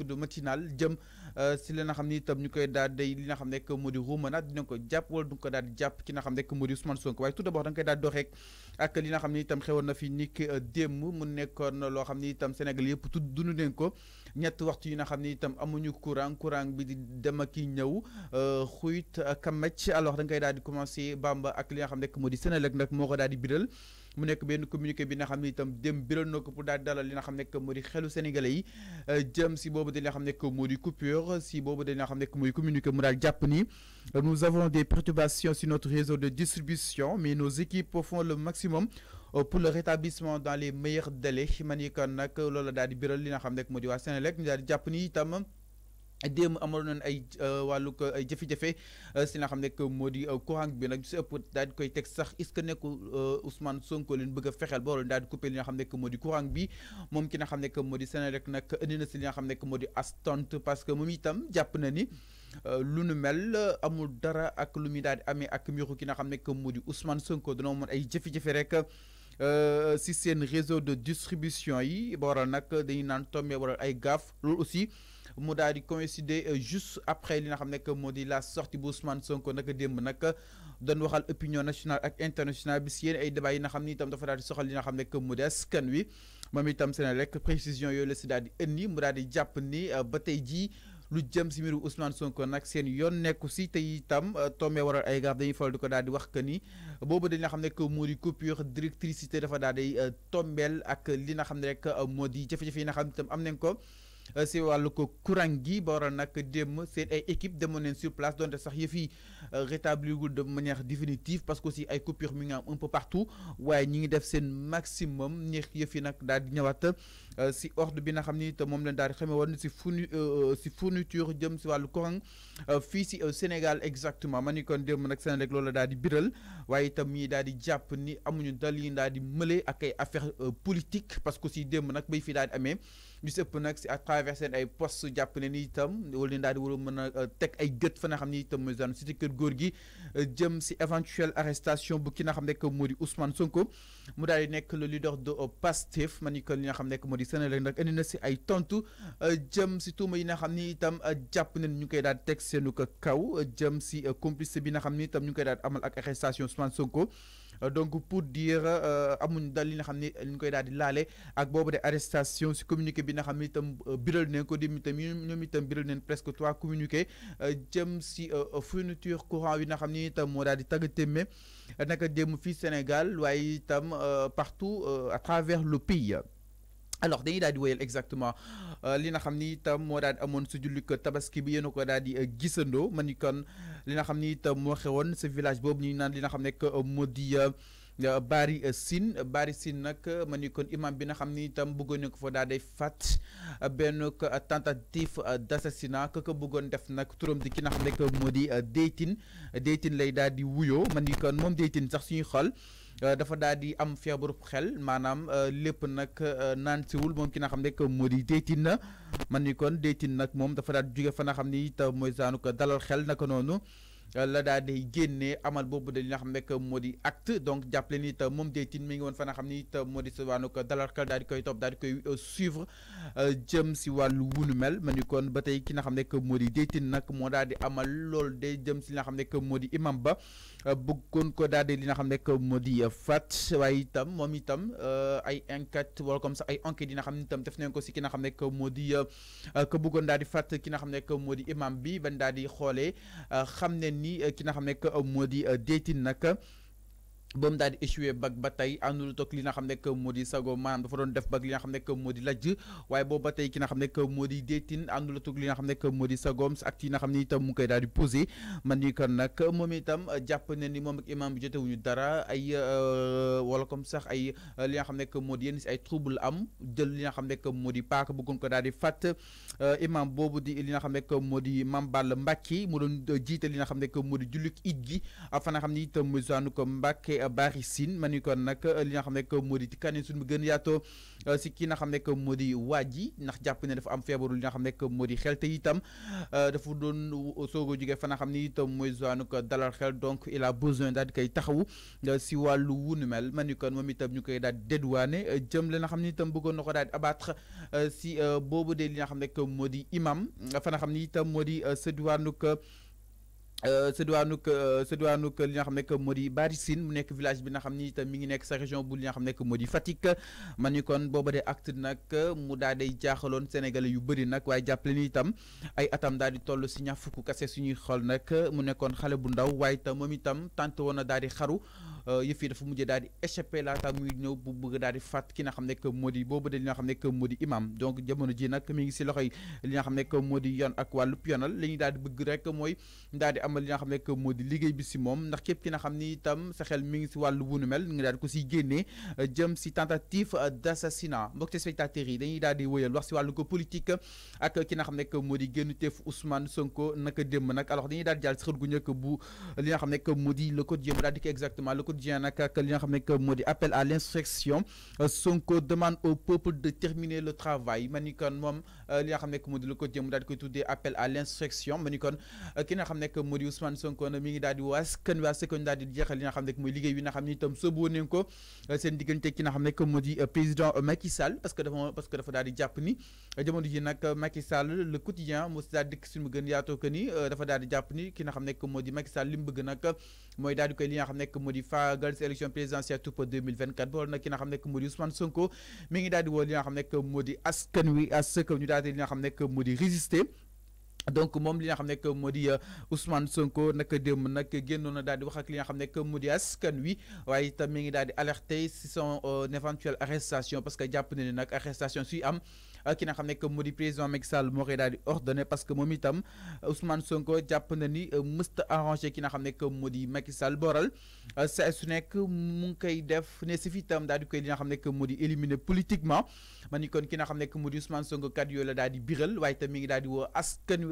du matinal jëm euh, si li nga xam ne itam ñu koy daal day li nga xam nekk moo di ruumanaat dina ko jàpp wala du nga ko daal di jàpp ci na xam nekk moo di Ousmane Sonko waaye tout d'abord da nga koy daal doxeek ak li na xam ne itam xewoon na fi nikk euh, démb mu nekkoon loo xam ne itam Sénégal yëpp tudd dunu leen ko ñett waxtu yi na xam ne itam amuñu courant courant bi di dem ak ñëw xuyit euh, kamaj alors da nga koy daal di commencé Bamba ak li nga xam nekk moo di Sénélec nag moo ko daal di biral mu nekk benn communiqué bi nga xam ne itam dem biral na ko pour daal dalal li nga xam ne moo di xelu sénégalais yi euh, jëm si boobu di li nga xam ne moo di coupure si boobu di li nga xam ne mooy communiqué mu daal jàpp ni euh, nous avons des perturbations sur notre réseau de distribution mais nos équipes font le maximum euh, pour le rétablissement dans les meilleurs délais man yi kon nag loolu daal di biral li nga xam ne moo di waa Sénélec ñu daal di jàpp ni itam Dem amour nañ ay euh, ay euh, que je si nga xamné que modi euh, courant bi nak ëpp koy tek sax est-ce que Ousmane Sonko a couper li courant bi ki nga que modi astante parce que mom itam japp na ni lu nu mel amul dara ak lu ak ki nga que Ousmane Sonko ay rek. si réseau de distribution yi boral nak dañuy des ay aussi. mu daal di coïncider euh, juste après li na xam nekk moo di la sortie bu Ousmane Sonko nag démb nag euh, doon waxal opinion nationale ak internationale bi si yéen ay débat yi nga xam ni dafa daal di soxal li nga xam nekk moo di askan wi moom itam seen rek précision yooyu la si daal di indi mu di jàpp ni euh, ba tey jii. lu jëm si mbiru Ousmane Sonko nag seen yoon nekku si te itam tombé waral ay gaaf dañuy faral di ko daal di wax que ni boobu dañ nga xam ne que moo di coupure d'électricité dafa daal di tombeel ak li nga xam ne rek moo di jafe-jafe yi nga xam itam am nañ ko. Euh, si wàllu ko courant gi ba waral nag démb seen ay équipe demoon neen sur place donte sax yëf yi euh, rétabliwul de manière définitive parce que aussi ay coupure mi nga am un peu partout waaye ñi ngi def seen maximum ñeex yëf yi nag daal di ñëwaat euh, si ordre bi nga xamni te mom len daal di won ci si fourni euh, euh, si fourniture jëm ci walu courant fi ci Sénégal exactement ma ni kon démb nag Sénégal rek loola biral waye tam mi daal japp ni amuñu dal yi daal di ak ay affaire politique parce que si dem nak bay fi daal amé amee ñu sëpp nag si à travers seen ay poste japp ne ni tam wala daal di mëna a ay gëtt fa nga xamni tam itam mooy daan kër gi jëm ci éventuelle arrestation bu ki nga xam nekk moo Ousmane Sonko mu daal nek le leader de Pastef ma ni kon li nga di Senelec nag indi na si ay tontu euh, jëm si tuuma yi nga xam ni itam euh, jàpp nañ ñu koy daal teg seenu ko kaw euh, jëm si complice bi nga xam ni itam ñu koy daal amal ak arrestation Ousmane Sonko donc pour dire amuñ dal li nga xam ni ñu koy daal di laale ak boobu de arrestation si communiqué bi nga xam ni itam biral nañ ko di itam ñoom itam biral nañ presque trois communiqué jëm si fourniture courant yi nga xam ni itam moo daal di tag naka démb fii Sénégal waaye itam partout à travers le pays alors dañuy daal di wéyal exactement euh, li nga xam ni itam moo daal di amoon su jullit tabaski bi yéen ko daal di euh, gisandoo man ni kon li nga xam ni itam moo xewoon sa village boobu ñu naan li nga xam nekk euh, moo di Bari Sine Bari Sine nag man ni kon imam bi nga xam ni itam bëggoon na ko fa daal di fàtt benn tentative d' assassinat que bëggoon def nag turam ki nga xam nekk moo di Deytine Deytine lay daal di wuyoo man ni kon moom Deytine sax suñuy xool. Euh, dafa daal di am feebaru xel maanaam euh, lépp nag euh, naan siwul moom ki na xam ne moo di déytin na man ni kon déytin nag moom dafa daal di jóge fa nga xam ni it mooy saanu ko dalal xel naka noonu la daal day génnee amal boobu dañu nga xam que moo di acte donc jàppale ni it moom Ndeye Tine mi ngi woon fa nga xam ni it moo di si wàllu dalarkal daal di koy topp daal di koy euh, suivre euh, jëm si wàllu wunu mel ma ni kon ba tey ki nga xam que moo di Ndeye Tine nag moo daal di amal loolu day jëm si li nga xam nekk moo di imam ba euh, bëggoon ko daal di li nga xam que moo di fat waaye itam moom itam ay enquête wala comme ça ay enquête yi nga xam ne itam def nañ ko si ki nga xam que moo di ko bëggoon daal di fat ki nga xam que moo di imam bi ban daal di xoolee xam ne nii ki nga xam a moo di Détine nag ba mu daal di échoué bag ba tey àndul toog li nga xam ne moo di sago maanaam dafa doon def bag li nga xam ne moo di lajj waaye boobu ba tey ki nga xam ne moo di déetin àndul toog li nga xam ne moo di sagoom ak yi nga xam ne itam mu ngi koy daal di posé man ni kon nag moom itam jàpp ne ni moom imam bi jotewuñu dara ay wala comme sax ay li nga xam ne moo di yenn si ay trouble am jël li nga xam ne moo di paak bëggoon ko daal di fàtt imam boobu di li nga xam ne moo di Mame Balla Mbacké mu doon jiite li na xam ne moo di julli it gi fa nga xam ne itam mu ko Mbacké Bary Sine ma kon nak euh, li nga xam ne moo di ci kaneen suñu gën yato euh, si ki nga xam ne moo di waa ndax jàpp ne dafa am feebaru li nga xam ne moo xel te itam euh, dafa doon sogo a jógee fa nga xam itam moy zoanu ko dalal xel donc il a besoin daal kay taxawu si wàllu wunu mel ma kon momi itam ñu koy daal dédouané jëm li nga xam itam bëggoon na ko daal di abattre si bobu de li nga xam ne moo imam fa nga xam itam modi di sédduwaanu ko sa diwaanuk sa diwaanuk li nga xam nekk moo di Bari Sine mu nekk village bi na xam ni itam ngi nekk sa région bu li nga xam nekk moo di Fatick ma ni kon booba de acte nag mu daa day jaaxaloon sénégalais yu bëri nag waaye jàppale ni itam ay atam daal di toll si ñaar fukk kase suñuy xool nag mu nekkoon xale bu ndaw waaye itam moom itam tant woon na daal di xaru euh, yëf yi dafa mujjee daal di échappé laata muy ñëw bu bëgg daal di fàtt ki na xam nekk moo di booba de li nga xam nekk moo di imam donc jamono ji nag mi ngi si loxoy li nga xam nekk moo di yoon ak wàllu yoonal li ñu daal di bëgg rek mooy am amal li nga xam ne que moo di liggéey bi si moom ndax képp ki nga xam ni itam sa xel mi ngi si wàllu wunu mel nga daal ko siy génnee euh, jëm si tentative euh, d' assassinat mbokk spectateurs yi dañuy daal di wëyal wax si wàllu ko politique ak ki nga xam ne que moo di génn teef Ousmane Sonko naka démb nag alors dañuy daal di si gu bu li nga xam ne moo di le quotidien daal di ko exactement le quotidien nag ak li nga xam ne moo di appel à l' insurrection euh, Sonko demande au peuple de terminer le travail ma ni kon moom li nga xam ne moo di le quotidien daal di koy tuddee appel à l' manikon ma ni kon ki nga xam moo di Ousmane Sonko na mi ngi daal di waas kan waa sekoñ daal di jeexal li nga xam ne mooy liggéey bi nga xam ne itam sóoboo nañ ko euh, seen diggante ki nga xam ne moo di euh, président euh, Macky Sall parce que dafa parce que dafa daal di jàpp ni jamono ji nag Macky Sall le quotidien moo si daal dikk si mu gën yaatoo que ni dafa daal di jàpp ni ki nga xam ne moo di Macky Sall li mu bëgg nag mooy daal di koy li nga xam ne moo di faagal si élection présidentielle pour 2024 bool nag ki nga xam ne moo di Ousmane Sonko mi ngi daal di woo li nga xam ne moo di askan wi à ce que ñu daal di li nga xam ne moo di résister donc mom li nga xamné que modi euh, Ousmane Sonko nak dem nak génnoon na di wax ak li nga xamné que modi askan wi waye tam mi ngi daal di alerter si son euh, éventuelle arrestation parce que japp ne ni nag arrestation suy am ki nga xamné que modi président Macky Sall mo koy daal di parce que moom itam euh, Ousmane Sonko japp na ni mësta arranger ki nga xamné que modi Macky Sall boral c'est su nek mu ngi koy def ne si fi itam daal di koy li nga xam nekk moo éliminé politiquement man ni kon ki nga xamné que modi Ousmane Sonko cadre yooyu la daal di biral waye tam mi ngi daal di askan wi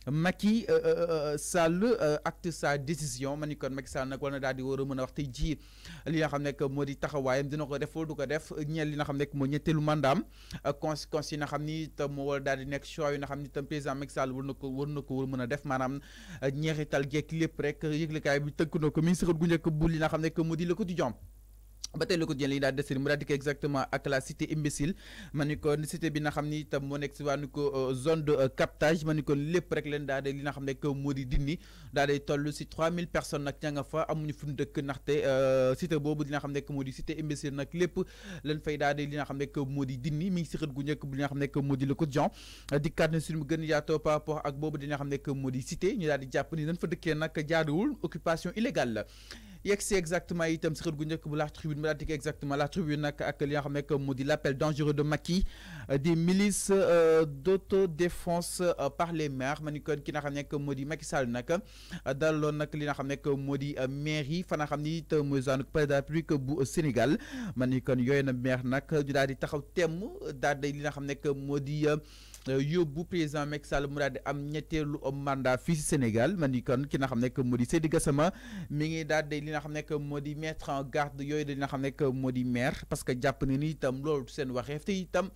euh, euh, Macky euh, Sall euh, acte sa décision ma kon Macky Sall nak war na di war meuna wax tey ji li nga xamne nekk modi taxawayam dina ko def du ko def ñeel li nga xamne nekk ñettelu mandam mandaam euh, yi nga xamni te mo moo war di nek choix yi nga xamni ni président Macky Sall war na ko war na ko war mën def manam ñeexital geek lepp rek yëglekaay bi tekk na mi ministre gu njëkk bu li nga xamne nekk modi le quotidien ba tey le quotidien li da desir mu daal exactement ak la cité imbécile maniko ni cité bi na xamni tam mo moo ci si ko euh, zone de euh, captage maniko lepp rek leen daal di li na xamne ne modi dindi da day tollu ci 3000 personnes nak ña nga fa amuñu fu dekk dëkk ndaxte euh, cité bobu li nga xam ne moo cité imbécile nak lepp leen fay da di li na xamne ne modi dindi mi ngi si xët gu njëkk bi li nga xam ne moo di le quotidien dikkaat na si mu gën ya yaatoo par rapport ak bobu di nga xam ne moo cité ñu daal di jàpp ni dañ fa dekké nak jaaduwul occupation illégale il si exactement itam si xët gu njëkk bu la tribune exactement la tribune nak ak li nga xam ne Modi di dangereux de Macky euh, des milices euh, d'autodéfense euh, par les maires manikon ki nga xam ne moo Macky Sall nag daloon nak li nga xam ne moo di maire yi fa nga xam ni it mooy président République bu Sénégal ma ni na maire nag ñu daal di taxaw temm daal li nga xam ne yóbbu président Macky Sall Mourad am ñettelu mandat fi si Sénégal man ni kon ki nga xam nekk moo Seydi Gassama mi ngi daal di li nga xam nekk moo di en garde yoy da li nga xam nekk moo maire parce que japp na ni itam loolu sen waxe te itam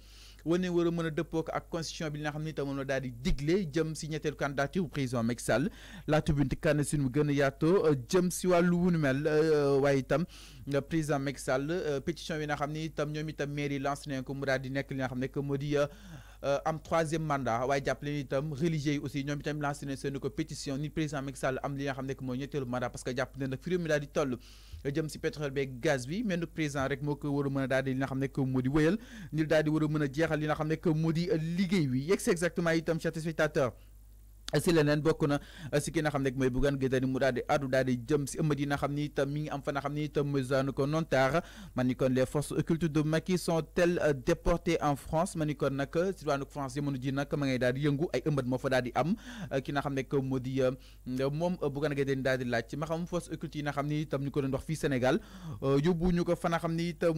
wone wara mëna deppok ak constitution bi li nga xam ne itam moom la daal di diglé jëm ci ñettelu candidature président Macky Sall la tribune kan suñu mu gëna yato euh, jëm ci walu wunu mel euh, way itam euh, président Macky Sall pétition bi nga xam ne itam ñoom itam mairie lance né ko Mourad di nek li nga xam nekk moo euh, am troisième mandat way japp ni itam religieux aussi ñom itam lancé pétition ni président Macky Sall am li nga mandat parce que japp ne nag firmi réew di toll jëm pétrole le gaz bi mais nous président rek ko nous li nga ko modi wëyel daal di mëna exactement spectateurs si leneen bokk na eh, si ki nga xam ne mooy Bougane Gueye mu daal addu daal jëm ci ëmmat yi nga xam ni mi ngi am fa nga xam ni itam ko non tard manikon les forces occultes de Macky sont tel eh, déportées en France manikon nak ci eh, nag France jamono di nak ma ngay daal yëngu ay ëmbat mo fa daal di am ki nga xam ne moo di moom Bougane Gueye Dany daal di laaj ma xam forces occultes yi nga xam ni itam ñu ko doon wax fi Sénégal yobbu ñu ko fa nga xam ni itam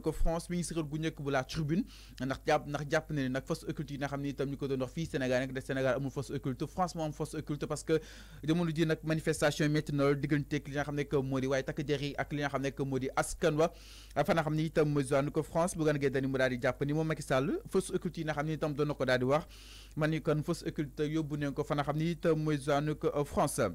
ko France mi ngi sëral gu njëkk bu la tribune ndax japp ndax japp ne nak forces occultes yi nga xam ni itam ñu ko doon wax fi Sénégal nak de Sénégal amu force occulte franchement moo force occulte parce que de jamono dit nak manifestation yi métti na lool li nga xam que modi way tak takk ak li nga xam que modi askan wa fa nga xam ne itam zoanu France bu gën a dani mu japp ni mo Macky Sall force occulte yi xamni tam ne nako doon wax man ni kon force occulte yóbbu nañ ko fa nga xam ne itam mooy euh, France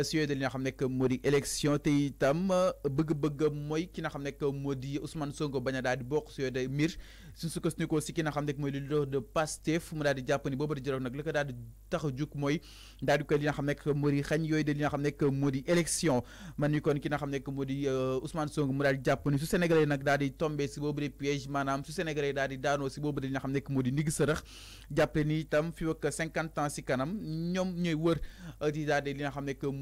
si yooyu dañu xam nekk moo di élection te itam euh, bëgg moo di Ousmane Sonko bañ a daal di bokk si yooyu day miir xam nekk mooy leader de Pastef mu li ko a jug mooy daal di xam nekk moo di xañ yooyu de li nga xam nekk moo kon ki nga xam nekk moo di euh, Ousmane Sonko mu daal di jàpp ni di tombé si boobu de piège maanaam su di daanoo si boobu de li nga xam nekk moo di ndig sërëx jàppale ni itam fi ak ans si kanam ñoom ñooy wër euh, di daal di li nga xam nekk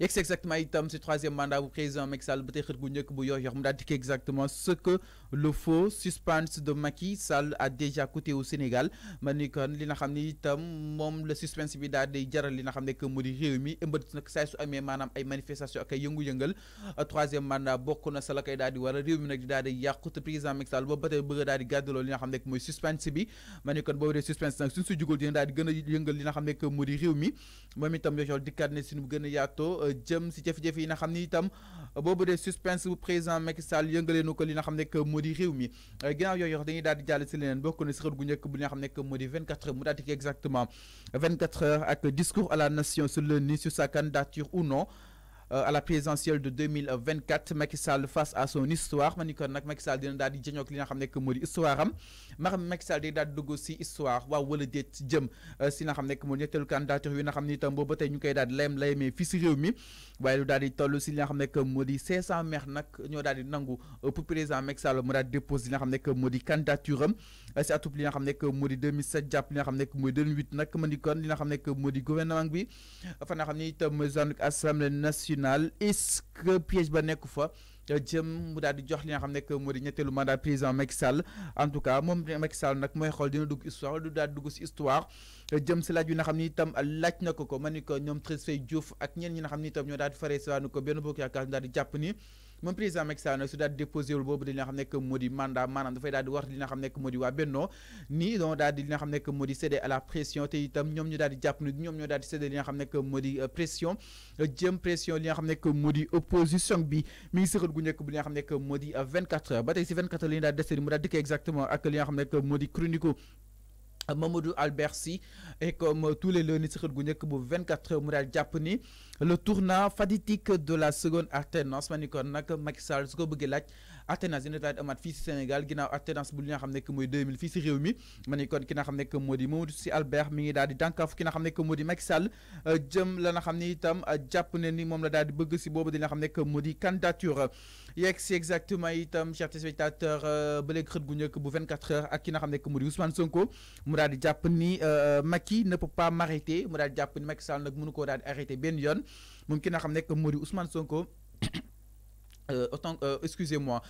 yegg si exactement itam troisième mandat bu président Macky Sall ba tey xët gu njëkk bu yor yor mu daal dikk exactement ce que le faux suspense de Macky Sall a déjà coûté au Sénégal ma ni kon li nga xam ne itam moom suspense bi daal di jaral li nga xam que mu di réew mi ëmbat nag saa su amee ay manifestation ak ay yëngu-yëngal troisième mandat bokk na sa la koy daal di waral réew mi nag di daal di yàqu président Macky Sall boobu ba tey bëgg a daal di gàddaloo li nga xam ne suspense bi ma ni suspense nag suñ su jugul dina daal di gën a li nga xam que mu di réew mi moom itam yor yor dikkaat ne suñu gën a plateau jëm si jafe-jafe yi nga xamni euh, boobu de suspense bu président Macky Sall yëngalee nu ko li nga xam que modi réew mi euh, ginnaaw yooyu wax di 24 heures mu daal exactement 24 heures ak discours à la nation sur le ni sur sa candidature ou non euh, à la présidentielle de 2024 Macky Sall face à son histoire ma ni kon Macky Sall dina dal di jëñoo li nga xamné nekk moo histoire am ma xam Macky Sall day daal di dugg si histoire wa wala déet jëm euh, si nga xamné nekk moo ñettal candidature yi nga xamni tam itam boobu ba tey ñu koy daal di layam layamee fii si réew mi way lu dal di tollu si nga xamné nekk moo 500 maires nak ñoo dal di nangu euh, pour président Macky Sall mu daal dépose li nga xamné nekk moo candidature am si atub li nga xamné nekk moo 2007 japp li nga xamné nekk mooy 2008 nak ma ni li nga xamné nekk moo gouvernement bi fa nga xamni tam zone Assemblée nationale finale est-ce piège ba nekk fa jëm mu daal di jox li nga xam nekk moo di ñetteelu mandat président Macky Sall en tout cas moom Macky Sall nag mooy xool dina dugg histoire wala daal dugg si histoire jëm si laaj bi na xam ni itam laaj na ko ko ma ni ko ñoom Treize Faye Diouf ak ñenn ñi na xam ni itam ñoo daal di faree si ko benn bokk yaakaar daal di jàpp ni. Mon président Macky Sall date déposé le bob de l'armée que maudit mandat di wax li nga di cédé à la pression te itam ñoom ñu di cédé li nga euh, pression euh, pression li nga opposition bi mi ngi sëxal gu 24 heures Bataille 24 heures li ñu m'a dit exactement à li nga euh, que chronique Mamadou Alberti et comme tous les lundis ci xët 24 heures au Mural le tournant fatidique de la seconde alternance ma ni alternance dina daal di amaat Sénégal ginnaaw alternance bu li nga xamné que moy 2000 fi ci réew mi mané kon ki nga xamné que moo di Mamadou Sy Albert mi ngi daal di dànkaafu ki nga xamné que moo Macky Sall euh, jëm la nga xam ni itam euh, jàpp ne ni mom la daal di bëgg ci bobu di nga xamné que moo candidature yeeg si exactement itam chers téléspectateurs euh, ba léegi xët gu njëkk bu 24 heures ak ki nga xamné que moo Ousmane Sonko mu daal di jàpp ni Macky ne peut pas m'arrêter mu daal japp ni Macky Sall nak mënu ko daal di arrêté benn yoon moom ki nga xamné que moo Ousmane Sonko euh, autant, euh, excusez-moi,